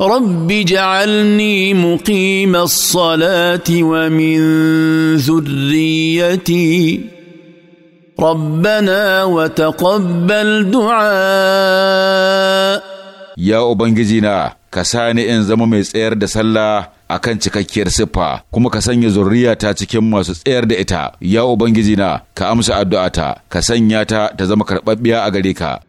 رب اجعلني مقيم الصلاه ومن ذريتي ربنا وتقبل دعاء ya ubangiji na ka sani in zama mai tsayar da sallah a kan cikakkiyar siffa kuma ka sanya zurriya ta cikin masu tsayar da ita ya ubangiji na ka amsa addu'a ta ka sanya ta ta zama karɓaɓɓiya a gare ka